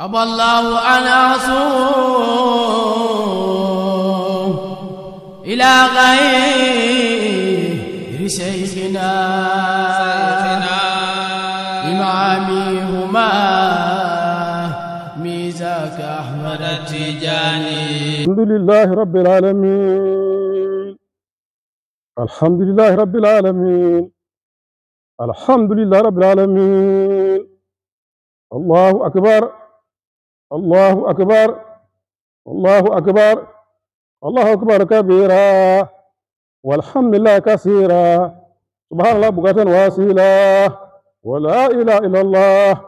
أبى الله أن أصوم إلى غير شيخنا إمامهما ميزاك أحمد التجاني الحمد لله رب العالمين الحمد لله رب العالمين الحمد لله رب العالمين الله أكبر الله أكبر الله أكبر الله أكبر كبيرا والحمد لله كثيرا سبحان الله بكرة واسيلا ولا إله إلا الله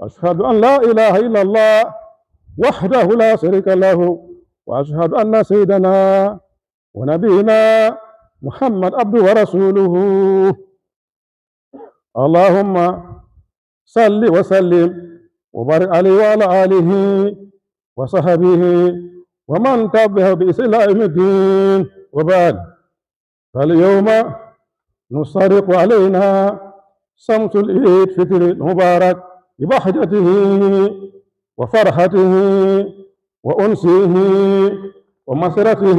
أشهد أن لا إله إلا الله وحده لا شريك له وأشهد أن سيدنا ونبينا محمد عبده ورسوله اللهم صل وسلم وبارك عليه وعلى آله وصحبه ومن تبعه بإسلام الدين وبعد فاليوم نصرق علينا صمت العيد فطر المبارك ببهجته وفرحته وأنسه ومسرته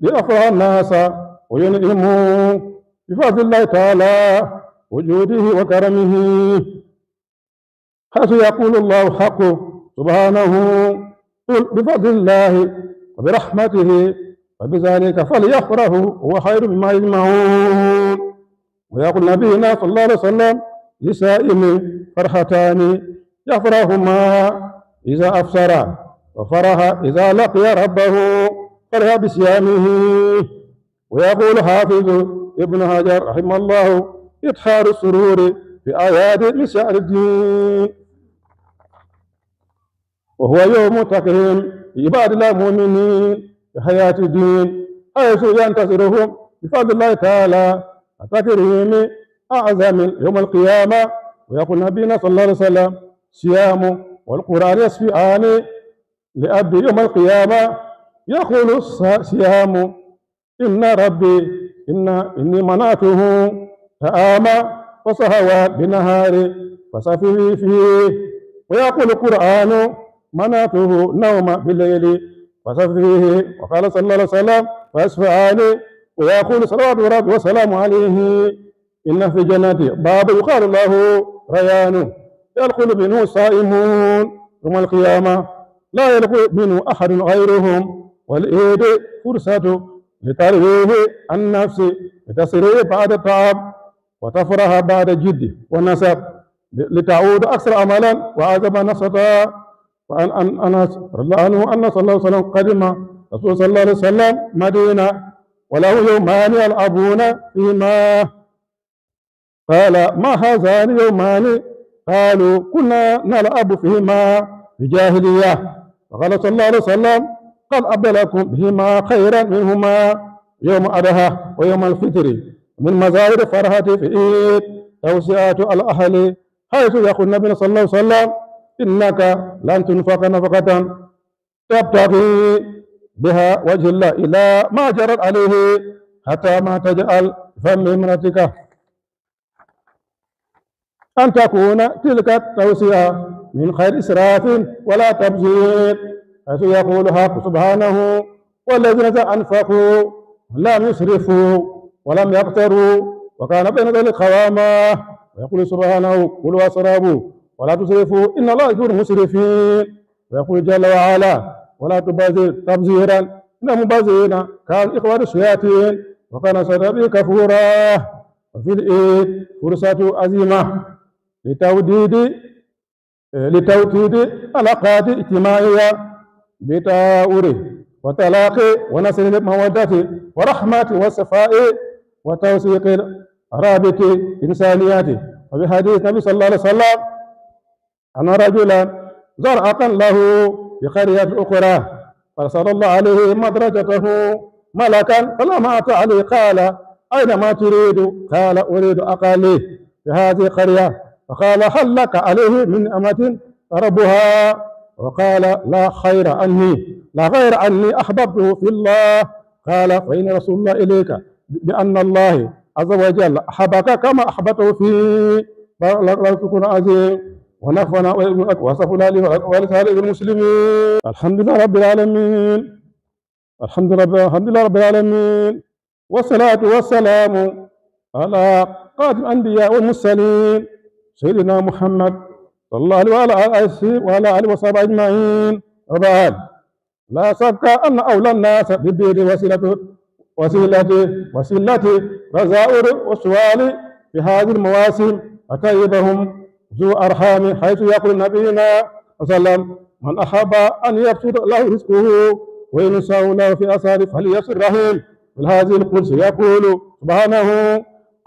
ليفرح الناس وينعموا بفضل الله تعالى وجوده وكرمه حيث يقول الله الحق سبحانه قل بفضل الله وبرحمته وبذلك فليفرحوا هو خير مما يجمعون ويقول نبينا صلى الله عليه وسلم لسائم فرحتان يفرحهما إذا أفسر وفرح إذا لقي ربه فرح بصيامه ويقول حافظ ابن هاجر رحمه الله اظهار السرور في آيات لسعر الدين وهو يوم تقيم عباد الله المؤمنين بحياة الدين حيث ينتظرهم بفضل الله تعالى أتكرهم أعظم يوم القيامة ويقول نبينا صلى الله عليه وسلم صيام والقرآن يصفعان لأب يوم القيامة يقول صيام إن ربي إن إني مناته فآمى وصهوى بنهاري فصفي فيه ويقول القرآن مناته نوم الليل وصفه وقال صلى الله عليه وسلم عليه ويقول صلوات عليه وسلم عليه إن في جنته باب يقال له ريان يلقل منه صائمون يوم القيامة لا يلقل منه أحد غيرهم والإيد فرصة لترويه النفس لتصير بعد التعب وتفرح بعد الجد والنسب لتعود أكثر عملا وأعظم نشطا وعن انس رضي الله عنه ان صلى الله عليه وسلم قدم رسول صلى الله عليه وسلم مدينه وله يومان يلعبون فيما قال ما هذان يومان قالوا كنا نلعب فيما في جاهلية فقال صلى الله عليه وسلم قد أبلكم بهما خيرا منهما يوم أدها ويوم الفطر من مزاير فرحة في إيد توسعة الأهل حيث يقول النبي صلى الله عليه وسلم إنك لن تنفق نفقة تبتغي بها وجه الله إلى ما جرت عليه حتى ما تجعل فم امرتك أن تكون تلك التوصية من خير إسراف ولا تبذير حيث يقول حق سبحانه والذين أنفقوا لم يسرفوا ولم يقتروا وكان بين ذلك خواما ويقول سبحانه قل واسرابوا ولا تسرفوا إن الله يكون مسرفين ويقول جل وعلا ولا تبذر تبذيرا إن مبذرين كان إخوان الشياطين وكان صدري كفورا وفي الإيد فرصة عظيمة لتوديد لتوديد علاقات اجتماعية بتاوري وتلاقي ونسل المودة ورحمة والصفاء وتوثيق رابط إنسانيات وفي حديث النبي صلى الله عليه وسلم أن رجلا زرع له بقرية أخرى فأرسل الله عليه مدرجته ملكا فلما أتى عليه قال أين ما تريد قال أريد أقالي في هذه القرية فقال هل لك عليه من أمة ربها وقال لا خير عني لا غير عني أحببته في الله قال فإن رسول الله إليك بأن الله عز وجل أحبك كما أحبته فيه فلا تكون عزيز ونفعنا وصفنا ولسائر المسلمين الحمد لله رب العالمين الحمد لله رب الحمد لله رب العالمين والصلاة والسلام على قادم الأنبياء والمرسلين سيدنا محمد صلى الله عليه وعلى آله وعلى آله وصحبه أجمعين وبعد لا شك أن أولى الناس بالبيت وسيلته وسيلته وسيلته رزائر وسوال في هذه المواسم أتيبهم ذو أرحام حيث يقول نبينا وسلم من أحب أن يبسط له رزقه وينساه له في أثاره فليسر رحيم في هذه القدس يقول سبحانه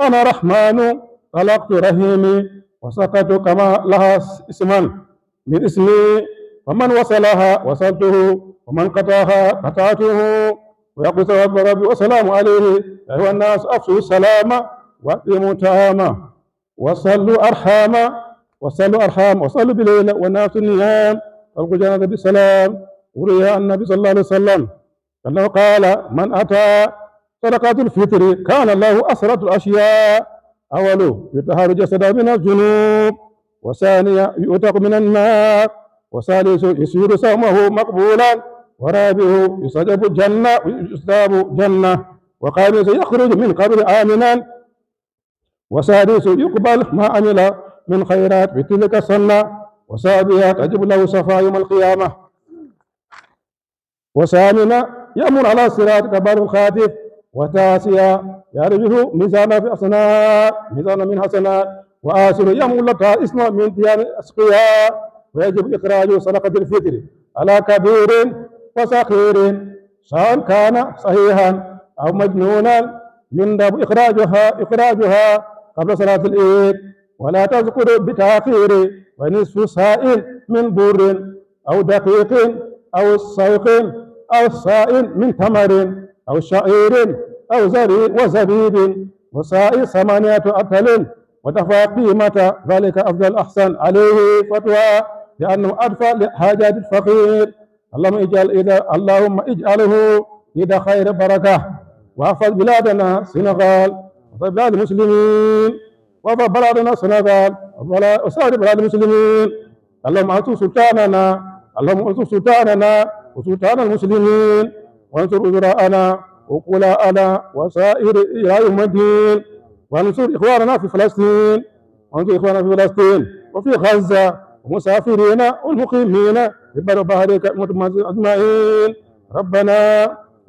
أنا رحمن خلقت رحيمي وسقط كما لها اسما من اسمي فمن وصلها وصلته ومن قطعها قطعته ويقول سبب ربي والسلام عليه أيها الناس أفسوا السلام وأقيموا الطعام وصلوا أرحاما وصلوا أرحام وصلوا بليل والناس نيام فالقوا جنازة بسلام وريها النبي صلى الله عليه وسلم أنه قال من أتى صدقة الفطر كان الله أسرة الأشياء أوله يطهر جسده من الذنوب وثانية يؤتق من النار وثالث يسير صومه مقبولا ورابعه يصدق الجنة ويستاب جنة وخامس يخرج من قبل آمنا وسادس يقبل ما عمل من خيرات بتلك السنة وسابها تجب له صفا يوم القيامة وثامنا يأمر على صراط كبار الخاتف وتاسيا يرجه ميزانا في أصناء ميزانا من حسنات وآسر يأمر لك اسم من ديان أسقيا ويجب إخراج صدقة الفطر على كبير وصغير سواء كان صحيحا أو مجنونا من إخراجها إخراجها قبل صلاة العيد ولا تذكر بتأخير ونصف سائل من بر أو دقيق أو السوق أو سائل من تمر أو شعير أو زريق وزبيب وسائل ثمانية أبتل ودفع قيمة ذلك أفضل أحسن عليه فتوى لأنه أدفع لحاجات الفقير اللهم اجعل إذا اللهم اجعله إذا خير بركة واحفظ بلادنا سنغال وبلاد المسلمين وضرب لنا سنغال وسائر بلاد المسلمين اللهم انصر سلطاننا اللهم انصر سلطاننا وسلطان المسلمين وانصر وزراءنا وقلاءنا وسائر الى يوم الدين وانصر اخواننا في فلسطين وانصر اخواننا في فلسطين وفي غزه ومسافرين والمقيمين في بر بحرك اجمعين ربنا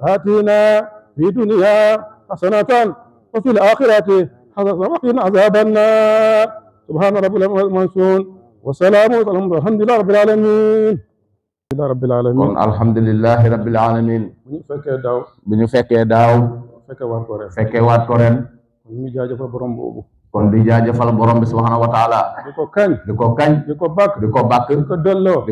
اتنا في دنيا حسنه وفي الاخره وقنا عذاب النار سبحان رب المنصور وسلام الحمد لله رب العالمين رب العالمين rabbil alamin bu ñu fekkee daaw bu ñu fekkee daaw fekkee waat ko ren fekkee waat ko ren kon ñu jaajëfal borom di jaajëfal borom bi wa taala di ko kañ di ko kañ di ko bàkk di ko bàkk di ko delloo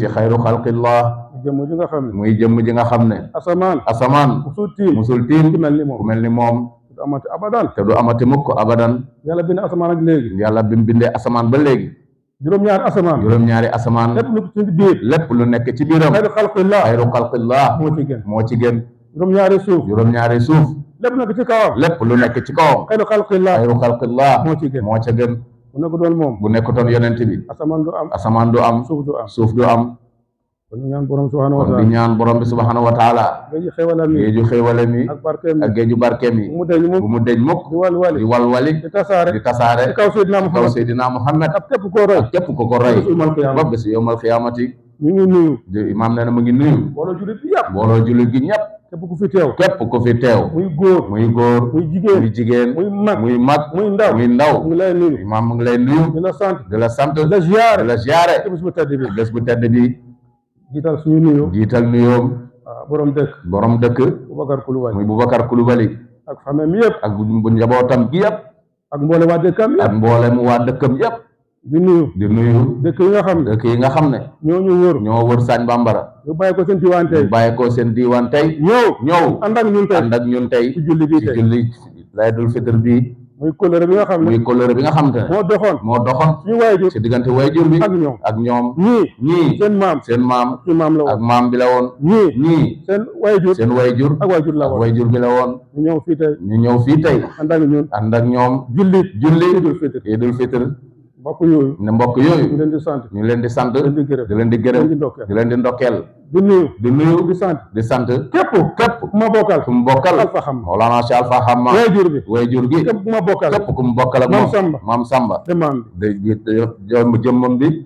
di ko jëmm ji nga xam ne muy jëmm ji nga xam ne asamaan asamaan musul tiim ku mel ni moom ku mel ni moom du amati abadan te du amati mukk abadan yàlla bind asamaan ak léegi yàlla bi mu ba léegi juróom-ñaari asamaan juróom-ñaari asamaan lépp lu ci biir lépp lu nekk ci biiram xayru xalqillah xayru xalqillah moo ci gën moo ci gën juróom-ñaari suuf juróom-ñaari suuf lépp nekk ci lu nekk ci kawam xayru xalqillah xayru xalqillah moo ci gën moo ca gën bu nekk doon moom bu nekk doon yonent bi asamaan du am asamaan du am suuf du am suuf du am kon di ñaan borom subhanahu wa taala kon bi subhanahu wa taala géeju xéewalam yi géeju xéewalam yi ak barkeem yi ak géeju barkeem yi mu deñ mukk mu deñ walwali di tasaare di kaw Seydina Muhammad kaw ko roy ak ko ko roy ba bés yowmal xiyaamati na mu ngi nuyu mbooloo gi yàpp mbooloo jullit gi fi teew képp ku fi teew muy góor muy góor muy jigéen muy jigéen mag muy mag ndaw muy mu ngi lay nuyu imaam mu lay nuyu di la sant di la sant la ziyaare di la ziyaare bu tedd bi jital suñu nuyoo jital nuyoom ah, borom dëkk borom dëkk Boubacar kulubali muy Boubacar Koulibaly ak famem yëpp ak bu njabootam gi yëpp ak mboolem wa dëkkam yëpp ak mu wa dëkkam yëpp di nuyu di nuyu dëkk yi nga xam ne dëkk yi nga xam ne ñoo ñu wër ñoo wër sañ Bambara ñu bàyyi ko seen diiwaan tey bàyyi ko seen diiwaan tey ñëw ñëw ànd ak ñun tey ànd ak ñun tey ci julli bi tey ci julli fitr bi muy colère bi nga xam ne muy colère bi nga xam te ne moo doxoon moo doxoon suñu waayjur si diggante waayjur bi ak ñoom ak ñoom ñii ñii maam seen maam ci maam la woon ak maam bi la woon ñii ñii seen waayjur seen waayjur ak waayjur la woon waayjur bi la woon ñu ñëw fii tey ñu ñëw fii tey ànd ak ñun ànd ak ñoom jullit jullit idul fitr idul mbokk yooyu ne mbokk yooyu. ñu leen di sant ñu leen di sant. di leen di gërëm di leen di ndokkeel di nuyu sant di sant. képp képp ku ma bokkal. ku mu bokkal Alpha Xam. Mawlana Cheikh Alpha Xam. wayjur bi wayjur gi képp ku ma bokkal. képp ku mu bokkal ak moom Maam Samba. Maam Samba. imaam bi. jëmmam bi.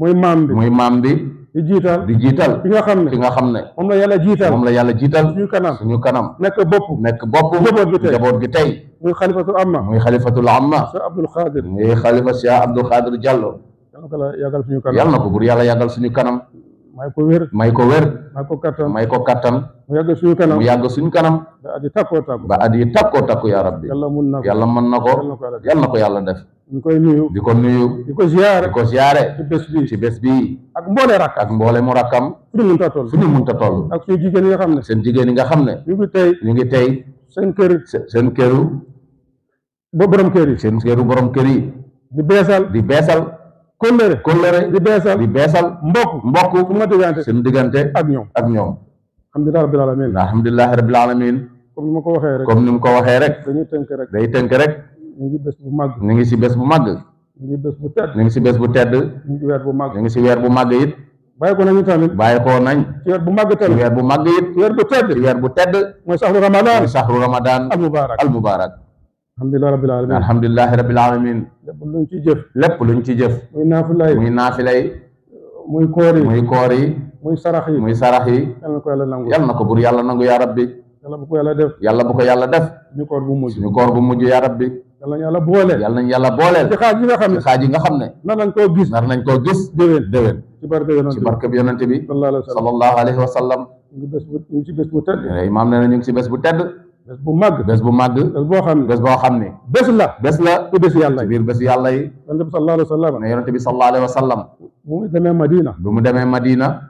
muy maam bi muy maam bi. di jiital di jiital. ki nga xam ne ki nga xam ne. moom la yàlla jiital moom la yàlla jiital. suñu kanam suñu kanam. nekk bopp nekk bopp. njaboot gi tey njaboot gi tey. muy xalifatul amma. muy xalifatul amma. Cheikh Abdoul Khadir. muy xalifa Cheikh Abdoul Khadir Diallo. yàggal suñu kanam yàlla na ko bur yàlla yàggal suñu kanam. may ko wér may ko wér. may ko kattan may ko kattan. mu yàgg suñu kanam mu yàgg suñu kanam. ba at yi takkoo takku ba at yi takkoo takku yaa rabbi. yàlla mën na ko yàlla mën na ko yàlla na ko yàlla def. ñu koy nuyu di ko nuyu. di ko ziare di ko ziare. ci bés bii ci bés bii. ak mboole rakk ak mboole mu rakkam. fu ñu mënta toll fu ñu mënta toll. ak suñu jigéen yi nga xam ne. seen jigéen yi nga xam ne. ñu ngi tey ñu ngi tey. seen kër seen këru. ba borom kër yi. seen këru borom kër yi. di beesal di beesal. kóllëre kóllëre di beesal di beesal. mbokk mbokk. su ma diggante seen diggante ak ñoom ak ñoom الحمد لله رب العالمين الحمد لله رب العالمين كوم كوم نيم كو واخي رك داي تنك رك نيغي بس بو ماغ نيغي سي بس بو ماغ نيغي سي بس بو تاد نيغي بايكو ناني تامين بايكو ناني وير بو ماغ تال وير بو ماغ ييت وير بو تاد وير بو تاد موي شهر رمضان شهر رمضان المبارك المبارك الحمد لله رب العالمين الحمد لله رب العالمين لب لونتي جيف لب لونتي جيف موي نافلاي muy sarax yi muy sarax yi. yalla na ko yàlla nangu yal na bur yalla nangu ya rabbi. yalla bu ko yalla def yalla bu ko yalla def. ñu koor bu muju ñu koor bu muju ya rabbi. yalla ñu yalla booleel yalla nañu yalla booleel. ci xaaj yi nga xam ne yi nga xam ne. nar nañ koo gis nar nañ ko gis. déwén déwén. ci barke yonent ci barke yonent bi. sallallahu alayhi wa sallam. ngi bes bu ngi ci bes bu tedd. imaam nee na ñu ci bes bu tedd. bes bu mag bes bu mag bes bo xam bes bo boo bes la bes la. ci bes yalla bir bes yalla yi. sallallahu alayhi wa sallam. ne yonante bi sallallahu alayhi wa sallam. bu mu deme Madina. bu mu deme Madina.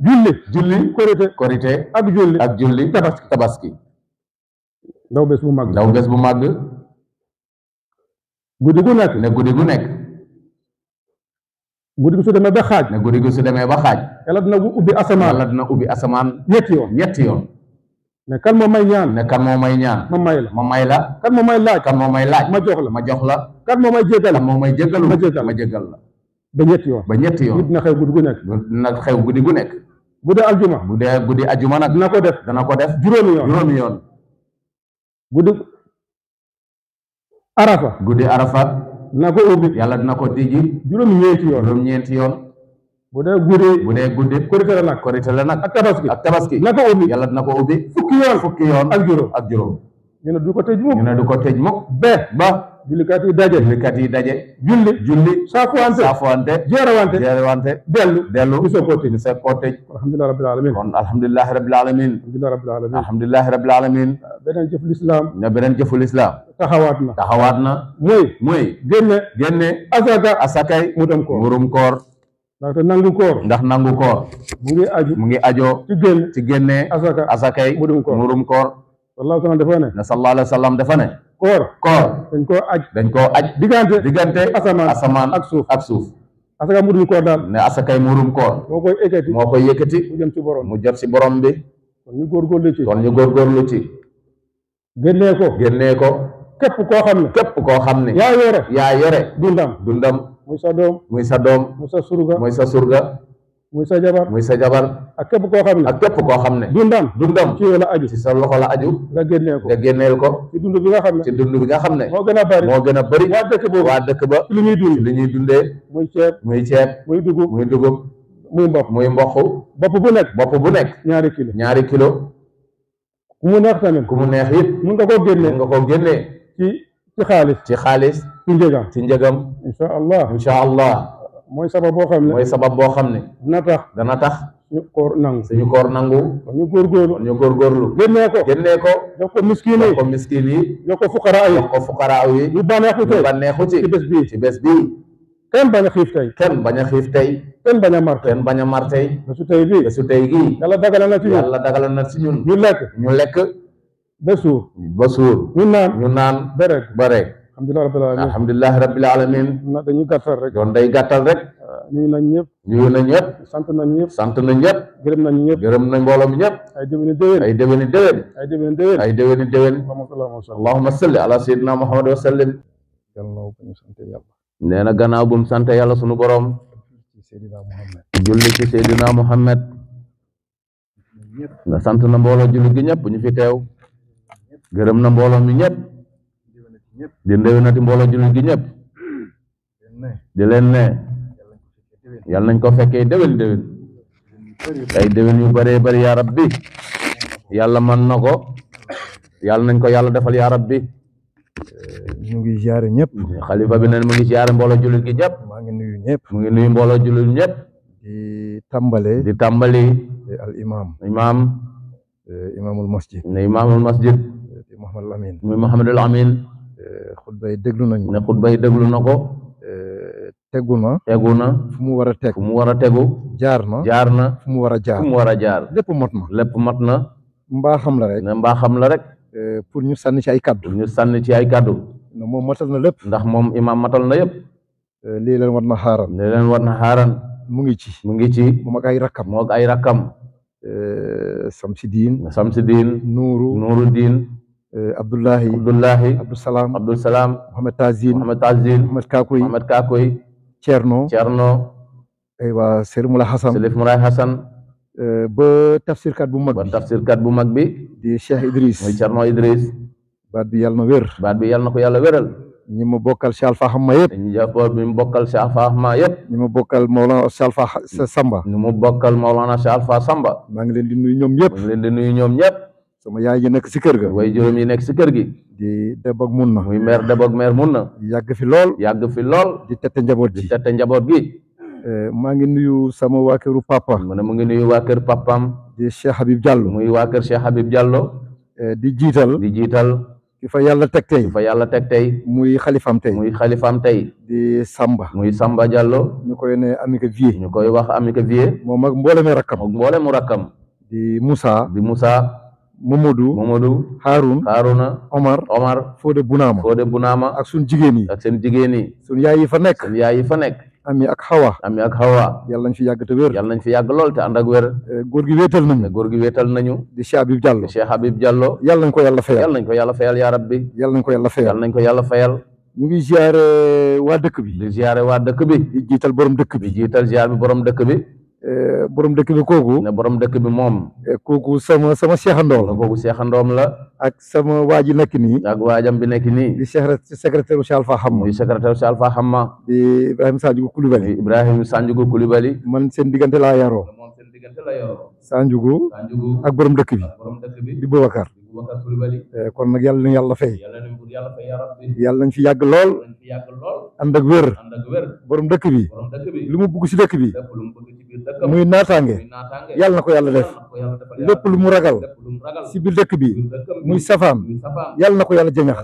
julli julli korite korite ak julli ak julli tabaski tabaski ndaw bés bu mag ndaw bés bu màgg guddi gu nekk ne guddi gu nekk guddi gu su demee ba xaaj ne guddi gu su demee ba xaaj yàlla dina ubbi asamaan yàlla dina ubbi asamaan ñetti yoon ñetti yoon ne kan moo may ñaan ne kan moo may ñaan ma may la ma may la kan moo may laaj kan moo may laaj ma jox ma jox la kan moo may jégal kan may jégalu ma jégal ma jégal la ba ñetti yoon ba ñetti yoon dina xew guddi gu xew guddi gu nekk bu dee aljuma bu dee guddi aljuma nag dina ko def dana ko def juróomi yoon juróomi yoon guddi arafa guddi arafa dina ko ubbi yàlla dina ko tijji juróom ñeenti yoon juróom ñeenti yoon bu dee guddi bu dee guddi korite la nag korite la nag ak tabaski ak tabaski dina ko ubbi yàlla dina ko ubbi fukki yoon fukki yoon ak juróom du ko tëj mukk ñu ba jullikat yi daje jullikat yi daje julli julli saafuwante saafuwante jeerewante jeerewante dellu dellu ñu soog koo tëj ñu soog koo tëj alhamdulilah rabbil alamin kon alhamdulilah rabbil alamin alhamdulilah rabbil alamin alhamdulilah rabbil alamin beneen jëfu lislaam na beneen jëfu lislaam taxawaat na taxawaat na mooy mooy génne génne asaka asakay mutam ndax nangu koor mu ngi ajo ci génne ci génne asaka asakay murum koor na sallallahu alayhi wa sallam dafa ne koor koor dañ koo aj dañ koo aj diggante diggante asamaan asamaan ak suuf ak suuf asaka murum koor daal ne asakay murum koor moo koy yëkkati moo koy yëkkati mu jëm ci borom mu jëm ci borom bi kon ñu góorgóorlu ci kon ñu góorgóorlu ci génnee ko génnee ko képp koo xam ne képp koo xam ne yaa yore yaa yore dundam dundam muy sa muy sa doom muy sa surga muy sa surga Musa sa jabar muy sa jabar ak képp koo xam ne ak képp koo xam dundam dundam ci la aju ci sa loxo la aju nga génneel ko nga génneel ko ci dund bi nga xam ne ci dund bi nga xam ne moo gën a bëri moo gën a bëri waa dëkk boobu waa dëkk ba li ñuy dund li ñuy dundee muy ceeb muy ceeb muy dugub muy dugub muy mboq muy mboq bopp bu nekk bopp bu nekk ñaari kilo ñaari kilo ku mu neex tamit ku mu neex it mun nga koo génnee mun nga koo génnee ci ci xaalis ci xaalis ci njëgam ci njëgam allah incha allah Moy sabab bo xamne ne sabab bo xamne ne. dana tax dana tax. suñu koor nangu suñu koor nangu. ñu góorgóorlu kon ñu góorgóorlu. génnee lu génnee ko. jox ko miskin yi jox ko miskin yi. jox ko fuqara ay jox ko fuqaraa yi. ñu bànneexu ci banexu ci bes bi ci bes bi kenn bañ xif tay tey. kenn bañ a xiif tey. kenn bañ mar tey kenn bañ mar tey. bésu tey bii su tay gi yalla dagal na ci ñun dagal na ci ñun. ñu lek ñu lek ba suur ba ñu naan ñu naan. ba bare alhamdulillah rabbil alamin alhamdulilah rabbil alamin na dañuy gattal rek kon day gattal rek nuyu nañ ñep nuyu nañ ñep sant nañ ñep sant nañ ñep gërem nañ ñep gërem nañ mbolam ñep ñëpp ay déwéni déwén ay déwéni déwén ay déwéni déwén ay déwéni déwén allahumma salli ala sayyidina muhammad wa sallim yalla ko ñu sante yalla ya neena gannaaw bu mu sante yalla ya suñu borom sayyidina muhammad julli ci sayyidina muhammad na sant na mbolo julli gi ñep ñu fi tew gërem na mbolam mi ñëpp dindee na ti mbooloo jullit gi ñëpp di leen ne yàlla nañ ko fekkee déwén déwén ay déwén yu baree bari yaa rabbi yàlla man na ko yàlla nañ ko yàlla defal yaa rabbi ñu eh, ngi ziare ñëpp xalifa bi neen mu ngi ziare mbooloo jullit gi ñëpp maa ngi nuyu ñëpp mu ngi nuyu mbooloo jullit ñëpp di tàmbale di tàmbali eh, al imam imam eh, imamul masjid ne imamul masjid di Muhammadul Amin Muhammadul Amin xutba yi déglu nañ ne xutba yi déglu na ko. Euh, tegu na. tegu na. fu mu war a teg fu mu war a tegu. jaar na jaar na. fu mu war a jaar mu war a jaar. lépp mot na lépp mot na. mbaa xam la rek. ne mbaa xam la rek. Euh, pour ñu sanni ci ay kaddu. ñu sànni ci ay kaddu. moom matal na lépp. ndax moom imaam matal na yëpp. Euh, lii leen na xaaran. lii leen war xaaran. mu ngi ci. mu ngi ci. moom ak ay rakkam. moom ak ay rakkam. Samsidin. Samsidin. Nuuru Nuuru diin. Eh, Abdullahi Abdullahi Abdou Salam Abdou Salam Mohamed Tazine Mohamed Tazine Mohamed Kakoy Mohamed Kakoy Thierno Thierno aywa Serif Moulay eh, tafsirkat bu mag bi bu mag bi di Cheikh baat bi yàlla na wér baat bi yàlla na ko yàlla wéral ñi ma bokkal Cheikh Alpha Hamma yëpp ñi ma bokkal Cheikh Alpha Hamma yëpp bokkal Maulana Cheikh Alpha Samba ñi ma bokkal Maulana Cheikh Samba maa ngi leen di nuyu ñoom ñëpp maa leen di nuyu ñoom ñëpp sama yaay ji nekk si kër gi way juróom yi nekk si kër gi. di Daba ak Munna. muy maire Daba ak maire na yàgg fi lool. yàgg fi lool. di tette njaboot gi di tette njaboot gi. Eh, maa ngi nuyu sama waa këru papa. mu ne mu ngi nuyu waa kër papaam. di Cheikh Habib Diallo. muy waa kër Cheikh Habib Diallo. Eh, di jiital. di jiital. ki fa yàlla teg tey ki yàlla teg tey muy xalifam tey muy xalifam tey di Samba muy Samba Diallo ñu koy ne Amica Vie ñu koy wax Amica Vie moo ak mboolem rakkam ak mboolemu rakkam di Momadou Momadou Haroun Harouna Omar Omar Fodé Bunaama Fodé Bunaama ak suñ jigéen yi ak seen jigéen yi suñ yaay yi fa nekk yaay yi fa nekk ami ak xawa ami ak xawa yàlla nañ fi yàgg te wér yàlla nañ fi yàgg lool te ànd ak wér eh, góor gi wéetal nañu eh, góor gi wéetal nañu di Cheikh Habib Diallo di Cheikh Habib Diallo nañ ko yàlla fayal yàlla nañ ko yàlla fayal yaa rabbi yàlla nañ ko yàlla fayal yàlla nañ ko yàlla fayal ñu ngi ziare waa dëkk bi di ziare waa dëkk bi di jiital borom dëkk bi jiital ziar borom dëkk bi Eh, borom dekk bi koku ne borom dekk bi mom eh, koku sama sama seexandoom la. kooku seexandoom la. ak sama waji nek ni ak wajam bi nek ni di secrétaire Cheikh Alpha Hamma. di secrétaire Cheikh Alpha Hamma. di ibrahim Sanjugu Coulibaly. Ibrahim Sanjugu Coulibaly. man sen digante la yaro moom sen digante la yaro Sanjugu. Sanjugu ak borom dekk bi. borom dekk bi di Boubacar. Eh, kon nag yàlla na yàlla fay. yàlla nañ yàlla fay yarab bi. yàlla nañ fi yàgg lool. yàlla nañ fi yàgg ak borom bi. borom dëkk bi. li mu si dëkk bi. muy naataange yàlla na ko yàlla def lépp lu mu ragal si biir dëkk bi muy safaam yàlla na ko yàlla jëñax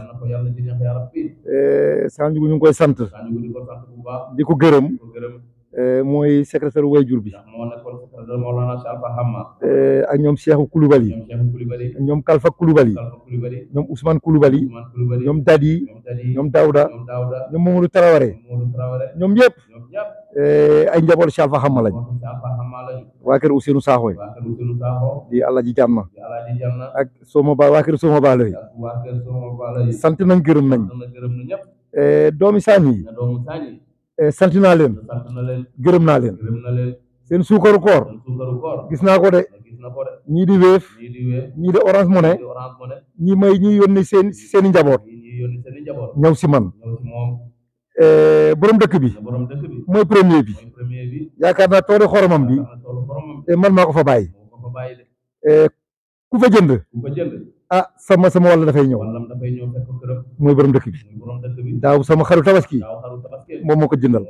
eh, Sandiougu ñu ngi koy sant di ko gërëm eh, mooy secrétaire wayjur bi eh, ak ñoom Cheikhou Koulibaly ñoom Kalfa Koulibaly ñoom Ousmane Koulibaly ñoom Dadi ñoom Daouda ñoom Mamadou Traoré ñoom yëpp. Eh, ay njaboot Cheikh Alpha Xama lañ waa kër Ousseynou Sakho di allah ji jàmm Soma Ba waa Soma Ba lay sant nañ gërëm nañ eh, doomi saan yi eh, sant naa leen gërëm naa leen seen suukaru koor naa ko de ñii di wéef ñii di orange money ñii may ñii yónni seen seeni njaboot ñëw si Eh, borom dëkk bi mooy premier bi yaakaar naa toolu xoromam bi eh, man maa ko fa bàyyi eh, ku fa jënd ah sama sama wàll dafay ñëw mooy borom dëkk bi daaw sama xaru tabaski moom moo ko jëndal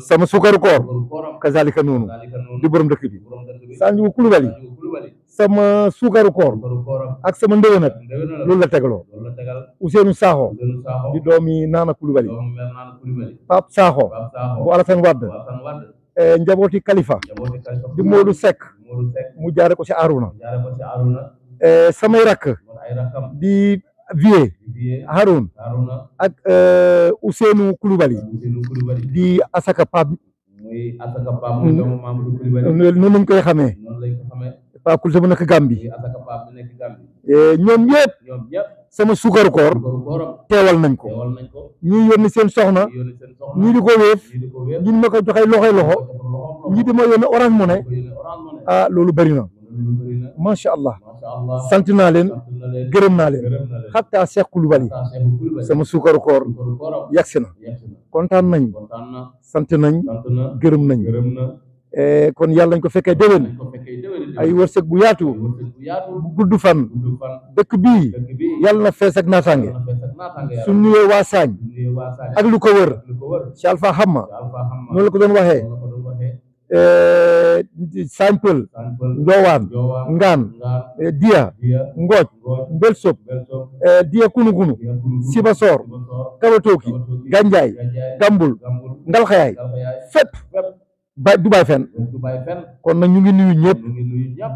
sama sukaru koor kazalika noonu di borom dëkk bi Sandiou Coulibaly sama suukaru koor ak sama ndëwën ak loolu la tegaloo Ousseynou Sakho di doomi Nana Koulibaly Pape Sakho bu Alassane Wade eh, njabooti Khalifa di Modou Seck mu jaare ko si Arouna eh, samay rakk di Vieux Haroun ak eh, Ousseynou Koulibaly di Asaka Pape hmm. noonu lañ Paa Kulta mu nekk Gambie eh, ñoom ñëpp sama sukaru koor teewal nañ ko ñuy yónni seen soxna ñii di ko wéef ñi di ma loxo ñii di ma yónni orange mu ne ah loolu bëri na macha allah sant naa leen gërëm naa leen xataa Seex Kulubali sama sukaru koor yegsi na kontaan nañ sant nañ nañ eh, kon yàlla nañ ko fekkee déwén. ay wërsëg bu yaatu bu gudd fan dëkk bii yàlla na fees ak naataange su nuyoo lu ko wër ci alfa xamma noonu la ko doon waxee eh, saañ pël ngaan eh, diya ngooj mbel eh, diya kunu kunu sibasoor kabatooki ganjaay gambul ngalxayaay fépp ba du kon nag ñu ngi nuyu ñëpp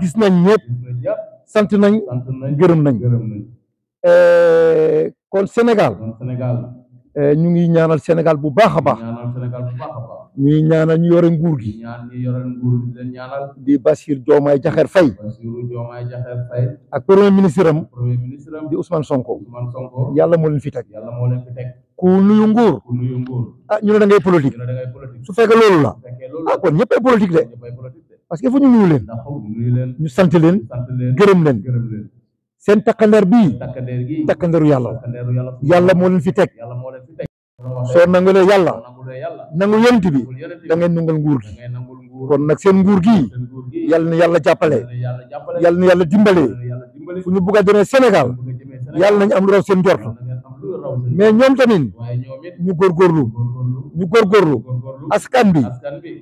gis nañ ñëpp sant nañ gërëm nañ eh, kon Sénégal eh, ñu ngi ñaanal Sénégal bu baax a baax ñuy ñaanal ñu yore nguur gi di Bassirou Diomaye Diakhar Faye ak premier ministre am di Ousmane Sonko yàlla moo leen kunuyungur nuyu nguur ñu ne da ngay politique su fekkee loolu la ah kon ñëppay politique de parce que fu ñu nuyu leen ñu sant leen gërëm leen seen takkandeer bii takkandeeru yalla yàlla moo leen fi teg soo nangulee yalla nangu yonent bi da ngay nangal nguur gi kon nag seen nguur gi yàlla na Yalla jàppale yàlla na yàlla dimbale fu ñu bugg a Sénégal am mais ñoom tamit ñu góorgóorlu ñu góorgóorlu askan bi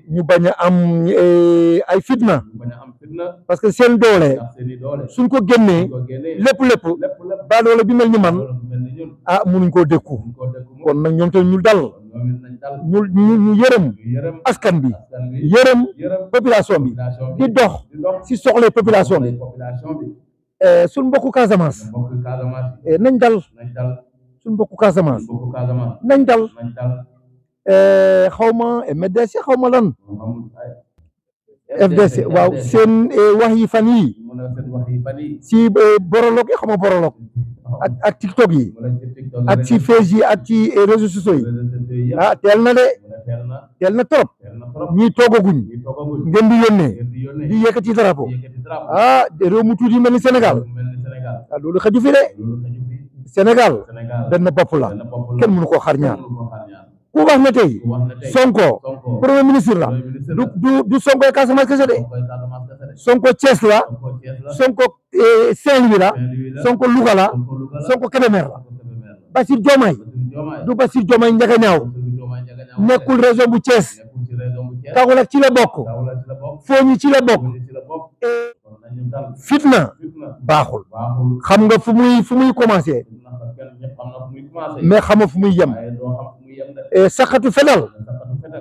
ñu bañ a am eh, ay fitna parce que seen doole suñ ko génnee lépp lépp ba doole bi mel ni man ah munuñ koo dékku kon nag ñoom tamit ñu dal ñu ñu ñu yërëm askan bi yërëm population bi di dox si soxla population bi eh, suñ mbokku Casamance eh, nañ dal. suñu mbokku Casamance nañ dal eh, xaw ma MDC xaw ma lan FDC waaw eh, seen wax yi fan yi si eh, borolog yi xaw ma borolog ak ak TikTok yi ak ci Face yi ak ci réseaux sociaux yi ah teel na de teel na trop ñii toogaguñ ngeen di yónnee di yëkkati drapeau ah réew mu mel ni Sénégal ah loolu xaju fi Sénégal benn bopp la kenn mënu koo xar ñaar ku wax na tey Sonko premier ministre la du du du Sonko Casamance kese de Sonko Thiès la Sonko eh, saint la Sonko Louga la Sonko Kébémer la Bassirou Diomaye du Bassirou Diomaye njaga ñaaw nekkul région bu Thiès Kaolack ci la bokk Fogni ci la bokk eh. fitna baaxul xam nga fu muy fu muy commencé ما خمو فمي يم اي سقط الفلل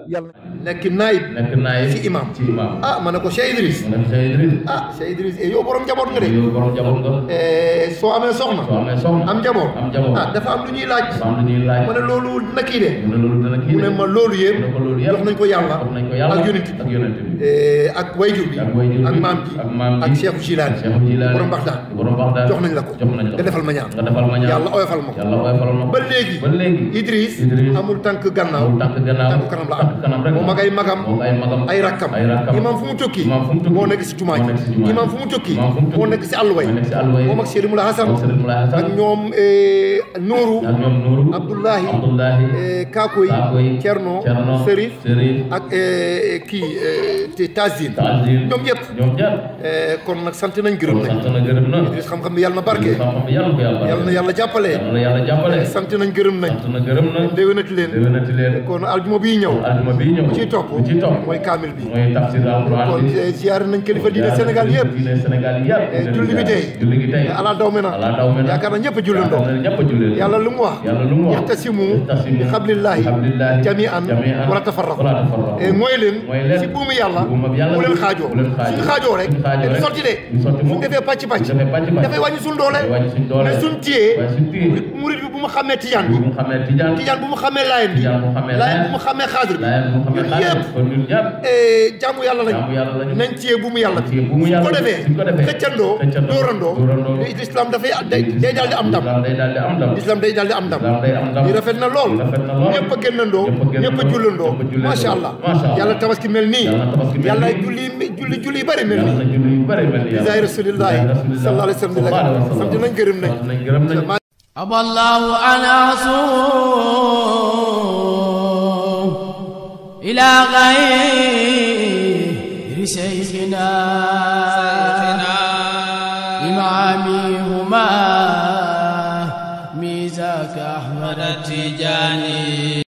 يلا nekk naayib nekk naayib ci imam ci imam ah ma ne ko Cheikh Idriss ma ne ko Cheikh Idriss ah Cheikh Idriss eh, yow borom njaboot nga de yow borom njaboot nga eh, soo amee soxna soo amee soxna am njaboot am njaboot ah dafa am lu ñuy laaj dafa am lu ñuy laaj ma ne loolu dina kii de ma ne loolu dina kii de mu ne ma loolu yëpp jox nañ ko yàlla jox nañ ko yàlla ak yonent ak yonent eh, bi ak wayjur bi ak maam ji ak maam ji ak Cheikh Jilaani borom Baxdaan borom Baxdaan jox nañ la ko jox nañ la ko nga defal ma ñaan nga defal ma ñaan yàlla oyofal ma ko yàlla oyofal ma ko ba léegi ba léegi Idriss amul tànk gannaaw tànk gannaaw tànk kanam la am mag ay magam ay rakkam imaam fu mu tokki moo nekk si jumaa ji imaam fu mu tokki moo nekk si àlluway moom ak Seydi Moulay Hassan ak ñoom Nooru Abdullahi Kaakoy Cerno Serif ak eh, eh, kii eh, Tazin ñoom yëpp kon nag sant nañ gërëm nañ Idriss xam-xam bi yàlla na barke yàlla na yàlla jàppale sant nañ gërëm nañ déwénati leen kon aljuma bii ñëw ci topp ci topp mooy kaamil bi mooy tafsir alquran kon eh, ziyaare nañ kilifa diine Sénégal yëpp diine Sénégal yëpp eh, julli gi tey julli gi tey ala daw mi na ala daw mi na yaakaar na ñëpp a jullandoo ñëpp a jullandoo yàlla lu mu wax yàlla lu mu wax yaxtasimu bi xablillahi jami'an wala tafarraqu eh, mooy leen si buumu yàlla bu leen xaajoo suñu xaajoo rek dañu sotti de suñu defee pàcc pàcc dafay wàññi suñu doole mais suñu téyee mu xamee tijaan bu mu xamee tijaan tijaan bu mu xamee laayeen bi laayeen bu mu xamee xaadir bi ñun ñëpp jaamu yàlla lañu nañ ciyee bu mu yàlla bi su ko defee xëccandoo dóorandoo islam dafay day daal di am ndam islam day daal di am ndam ñu rafet na lool ñëpp a génnandoo ñëpp a jullandoo macha julli julli julli yu bëri mel nii bisaay rasulillahi sallallahu alayhi wa أبى الله أن أصوم إلى غير شيخنا إمامي هما ميزاك أحمد التجاني